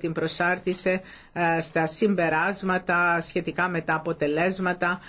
την προσάρτησε ε, στα συμπεράσματα σχετικά με τα αποτελέσματα